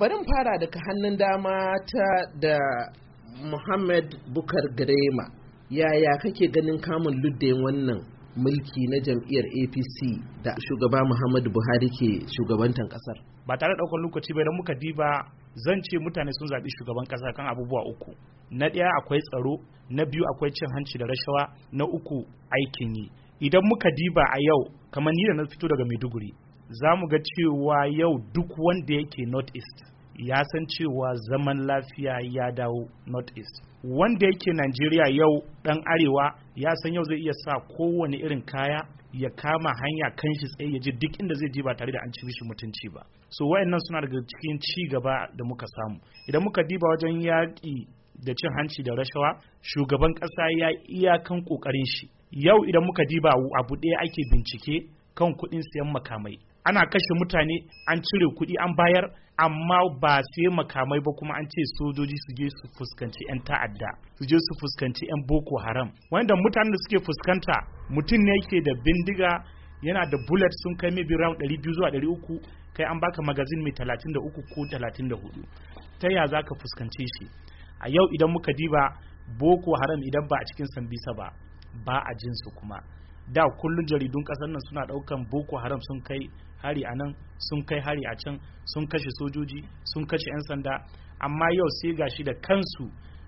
bari fara daga hannun dama ta da muhammad bukar grema yaya kake ganin kamun luddayin wannan mulki na jam'iyyar apc da shugaba muhammadu buhari ke shugabantan kasar ba tare daukar lokaci ba idan muka diba zan ce mutane sun zaɓi shugaban ƙasa kan abubuwa uku na ɗaya akwai tsaro na biyu akwai cin hanci da rashawa na uku aikin yi idan muka diba a yau kamar ni da na fito daga maiduguri za mu ga cewa yau duk wanda yake north east ya san cewa zaman lafiya ya dawo north east wanda yake Najeriya yau ɗan arewa ya san yau zai iya sa kowane irin kaya ya kama hanya kan shi tsaye ya ji duk inda zai je ba tare da an ci mishi mutunci ba so wayannan suna daga cikin ci gaba da muka samu idan muka diba wajen yaƙi da cin hanci da rashawa shugaban ƙasa ya iyakan ƙoƙarin shi yau idan muka diba abu ɗaya ake bincike kan kuɗin siyan makamai ana kashe mutane an cire kuɗi an bayar amma ba sai makamai ba kuma an ce sojoji su je su fuskanci 'yan ta'adda su je su fuskanci 'yan boko haram wanda mutanen da suke fuskanta mutum ne yake da bindiga yana da bullet sun kai maybe ɗari 200 zuwa 300 kai an baka magazin mai 33 ko talatin da hudu, ta ya za ka fuskance shi a yau idan muka diba boko haram idan ba a cikin sambisa ba ba a jinsu kuma da kullum jaridun kasar nan suna ɗaukan boko haram sun kai hari a nan sun kai hari a can sun kashe sojoji sun kashe 'yan sanda amma yau sai gashi da kansu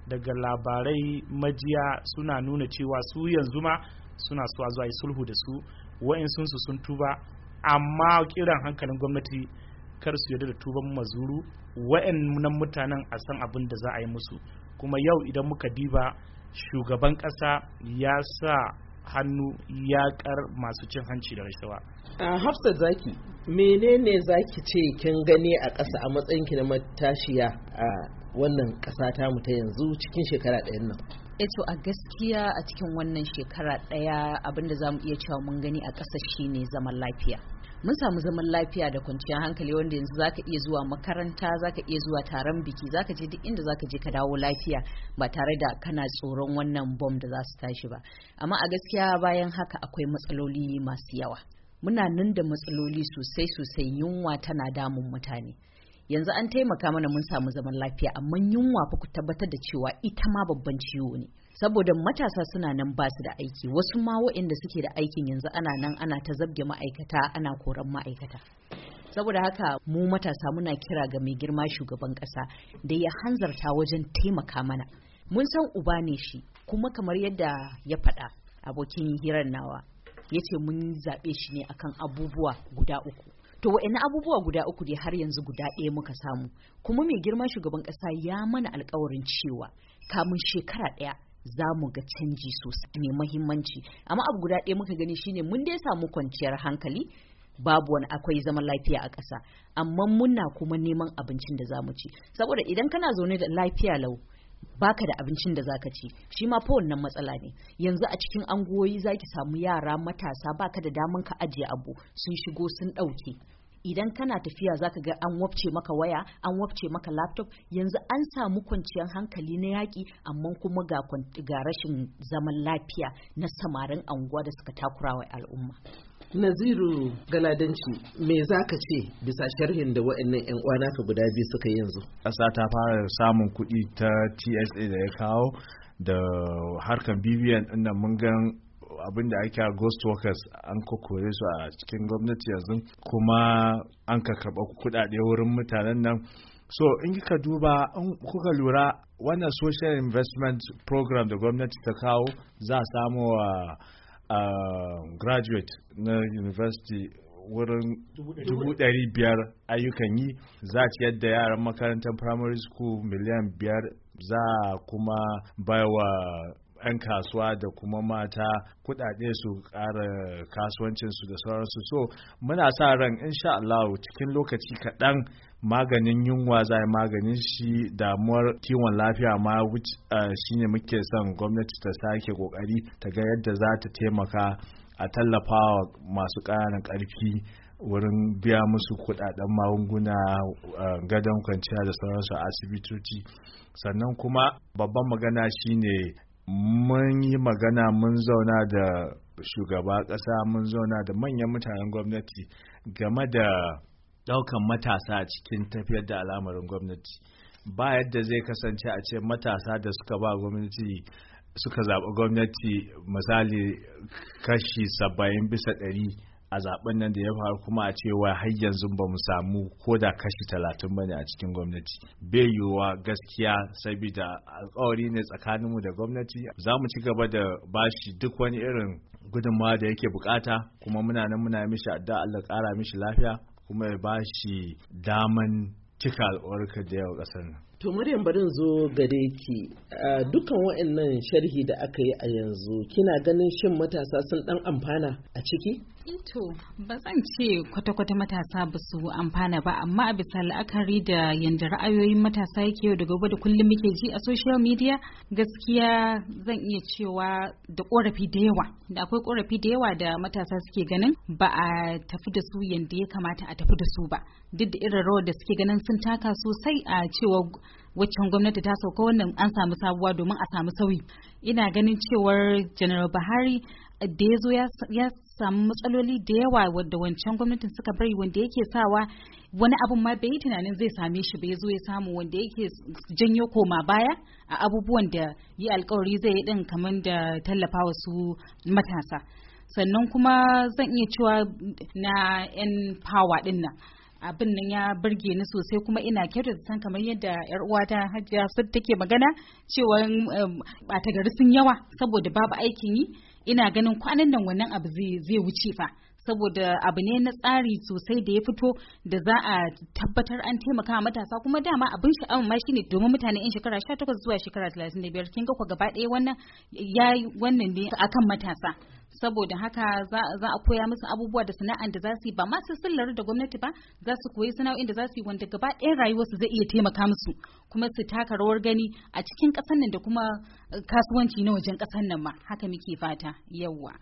daga labarai majiya suna nuna cewa su yanzu ma suna so a zuwa yi sulhu da su wa'insunsu sun tuba amma kiran hankalin gwamnati kar su yarda da tuban mazuru wa'annan mutanen a san abin da za a yi musu kuma yau idan muka diba shugaban ƙasa ya sa hannu yakar masu cin hanci da rashawa. A Hafsat Zaki, menene zaki ce kin gani a ƙasa a matsayin ki na matashiya a wannan ƙasa ta mu ta yanzu cikin shekara ɗayan nan? Eto eh a gaskiya a cikin wannan shekara ɗaya abinda za mu iya cewa mun gani a ƙasa shine zaman lafiya. mun samu zaman lafiya da kwanciyar hankali wanda yanzu zaka iya zuwa makaranta zaka iya zuwa taron biki zaka je duk inda zaka je ka dawo lafiya ba tare da kana tsoron wannan bom da za su tashi ba amma a gaskiya bayan haka akwai matsaloli masu yawa muna nan da matsaloli sosai sosai yunwa tana damun mutane yanzu an taimaka mana mun samu zaman lafiya amma yunwa fa ku tabbatar da cewa ita ma babban ciwo ne saboda matasa suna nan ba su da aiki wasu ma waɗanda suke da aikin yanzu ana nan ana ta zabge ma'aikata ana koran ma'aikata saboda haka mu matasa muna kira ga mai girma shugaban ƙasa da ya hanzarta wajen taimaka mana mun san uba ne shi kuma kamar yadda ya faɗa abokin hirar nawa ya ce mun zaɓe shi ne akan abubuwa guda uku to wa'ina abubuwa guda uku dai har yanzu guda ɗaya muka samu kuma mai girma shugaban ƙasa ya mana alkawarin cewa kamun shekara ɗaya za mu ga canji sosai mai mahimmanci amma abu guda ɗaya muka gani shine mun dai samu kwanciyar hankali babu wani akwai zaman lafiya a ƙasa amma muna kuma neman abincin da za mu ci saboda idan kana zaune da lafiya lau baka da abincin da zaka ci shi ma fa wannan matsala ne yanzu a cikin angoyi zaki samu yara matasa baka da daman ka ajiye abu sun shigo sun ɗauke idan kana tafiya zaka ga an wabce maka waya an wabce maka laptop yanzu an samu kwanciyar hankali na yaƙi amma kuma ga ga rashin zaman lafiya na samarin anguwa da suka takurawa al'umma Naziru Galadanci me zaka ce bisa sharhin da waɗannan 'yan uwa ka guda biyu suka yanzu? Ƙasa ta fara samun kuɗi ta TSA da ya kawo da harkan BVN ɗin mun ga. abin da ake ghost workers an kokore su a cikin gwamnati yanzu kuma an ka karɓa kuɗaɗe wurin mutanen nan so in kika duba in kuka lura wannan social investment program da gwamnati ta kawo za a samu wa graduate na university wurin dubu biyar ayyukan yi za a yadda yaran makarantar primary school miliyan biyar za kuma kuma baiwa 'yan kasuwa da kuma mata kuɗaɗe su ƙara kasuwancinsu da sauransu so muna sa ran insha Allah cikin lokaci kaɗan maganin yunwa zai maganin shi damuwar kiwon lafiya ma shine muke son gwamnati ta sake ƙoƙari ta ga yadda za ta taimaka a tallafawa masu ƙananan ƙarfi wurin biya musu kuɗaɗen magunguna gadon kwanciya da sauransu a asibitoci sannan kuma babban magana shine mun yi magana mun zauna da shugaba ƙasa mun zauna da manyan mutanen gwamnati game da ɗaukan matasa cikin tafiyar da al'amarin gwamnati ba yadda zai kasance a ce matasa da suka ba gwamnati suka zaɓi gwamnati misali kashi saba'in bisa ɗari a zaben nan da ya faru kuma a cewa har yanzu ba mu samu ko da kashi talatin bane a cikin gwamnati bai yiwuwa gaskiya saboda alkawari ne tsakaninmu da gwamnati za mu ci gaba da bashi duk wani irin gudunmawa da yake bukata kuma muna nan muna mishi adda Allah kara mishi lafiya kuma ya bashi daman cika alkawarka da yau kasar nan To Maryam barin zo gare ki dukkan wa'annan sharhi da aka yi a yanzu kina ganin shin matasa sun dan amfana a ciki? Ito eh ba zan ce kwata-kwata matasa ba su amfana ba amma a bisa la'akari da yadda ra'ayoyin matasa yake yau da gobe da kullum muke ji a social media gaskiya zan iya cewa da korafi da yawa da akwai korafi da yawa da matasa suke ganin ba a tafi da su yadda ya kamata a tafi da su ba duk da irin rawar da suke ganin sun taka sosai a cewa waccan gwamnati ta sauka wannan an samu sabuwa domin a samu sauyi ina ganin cewar general buhari eh, da ya zo ya samu matsaloli da yawa wadda wancan gwamnatin suka bari wanda yake sawa wani abun ma bai yi tunanin zai same shi bai zo ya samu wanda yake janyo koma baya a abubuwan da yi alkawari zai yi din kamar da tallafa su matasa sannan kuma zan iya cewa na 'yan power din nan abin nan ya burge ni sosai kuma ina kyautar san kamar yadda yar uwata hajjia su take magana cewa bata um, gari sun yawa saboda babu aikin yi ina ganin kwanan nan wannan abu zai wuce fa saboda abu ne na tsari sosai da ya fito da za a tabbatar an taimaka matasa kuma dama abin sha'awar ma shine domin mutane yan shekara 18 zuwa shekara 35 kin ga ku gaba ɗaya wannan ya wannan ne akan matasa saboda haka za a koya musu abubuwa da sana'an da za su yi ba ma su sun da gwamnati ba za su koyi sana'o'in da za su yi wanda gaba ɗayan su zai iya taimaka musu kuma su taka rawar gani a cikin ƙasar nan da kuma kasuwanci na wajen ƙasar nan ma haka muke fata yawwa